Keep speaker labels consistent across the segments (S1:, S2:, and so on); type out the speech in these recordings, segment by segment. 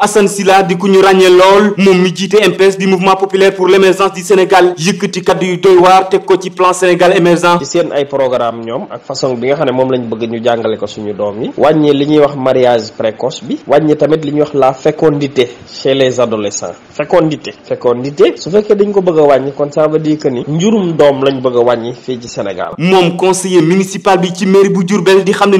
S1: Assane Sylla di ku ñu ràññee lool moom mi jiite MPS di mouvement populaire pour l'émergence du Sénégal yëkkati kaddu yu doy waar teg ko ci plan Sénégal émergent ci seen
S2: ay programme ñoom ak façon bi nga xam ne moom lañ bëgg ñu jàngale ko suñu doom yi wàññi li ñuy wax mariage précoce bi wàññi tamit li ñuy wax la fécondité chez les adolescents fécondité fécondité su fekkee dañ ko bëgg a wàññi kon ça veut dire ni
S1: njurum doom lañ bëgg a wàññi fii ci Sénégal moom conseiller municipal bi ci mairie bu Diourbel di xam ne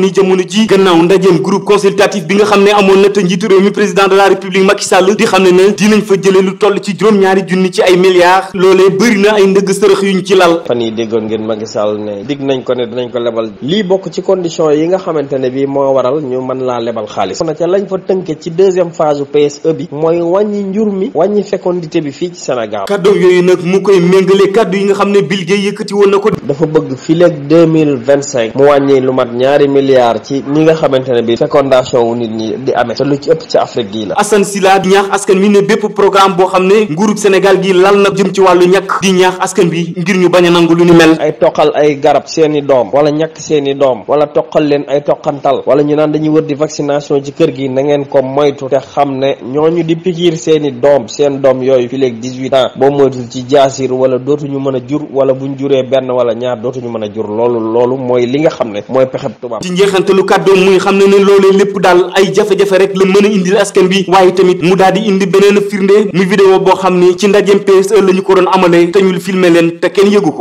S1: na te njiitu réew mi la la république Macky Sall di xam ne ne dinañ fa jëlee lu toll ci juróom-ñaari junni ci ay milliards loolee bëri
S2: na ay ndëgg sërëx yuñ ci lal fan yi déggoon ngeen Macky Sall ne dig nañ ko ne dinañ ko lebal lii bokk ci condition yi nga xamante ne bi moo waral ñu man laa lebal xaalis na ca lañ fa tënke ci deuxième phase PSE bi mooy wàññi njur mi wàññi fécondité bi fii ci Sénégal kaddu yooyu nag mu koy méngale kaddu yi nga xam ne Bill Gates yëkkati woon na ko dafa bëgg fileeg deux mille vingt cinq mu wàññi lu mat ñaari milliards ci ñi nga xamante ne bi fécondation wu nit ñi di amee lu ci ëpp ci Afrique gii Assane
S1: Sylla di ñaax askan wi ne bépp programme boo xam ne nguurug Sénégal gi lal na jëm ci wàllu ñàkk di ñaax askan bi ngir ñu bañ a nangu lu ni mel
S2: ay toqal ay garab seeni doom wala ñàkk seeni doom wala toqal leen ay toqantal wala ñu naan dañuy wër di vaccination ci kër gi na ngeen ko moytu te xam ne ñoo ñu di pikiir seeni doom seen doom yooyu fileeg dix-huit ans boo moytul ci jaasir wala dootuñu mën a jur wala buñ juree benn wala ñaar dootuñu mën a jur loolu loolu mooy li nga xam ne mooy pexe
S1: tubaab ci njeexantalu xam ne ne loolee lépp daal ay jafe rek waaye tamit mu daal di indi beneen firnde muy vidéo boo xam ni ci ndajeem PSE la ñu ko doon amalee te ñu filmer leen te kenn yëgu ko.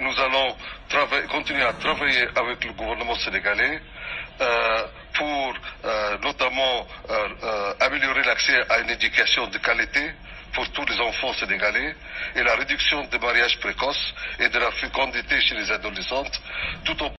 S1: nous allons travailler continuer à travailler avec le gouvernement sénégalais
S2: euh, pour euh, notamment euh, euh, améliorer l'accès à une éducation de qualité pour tous les enfants sénégalais et la réduction des mariages précoces et de la fécondité chez les adolescentes tout en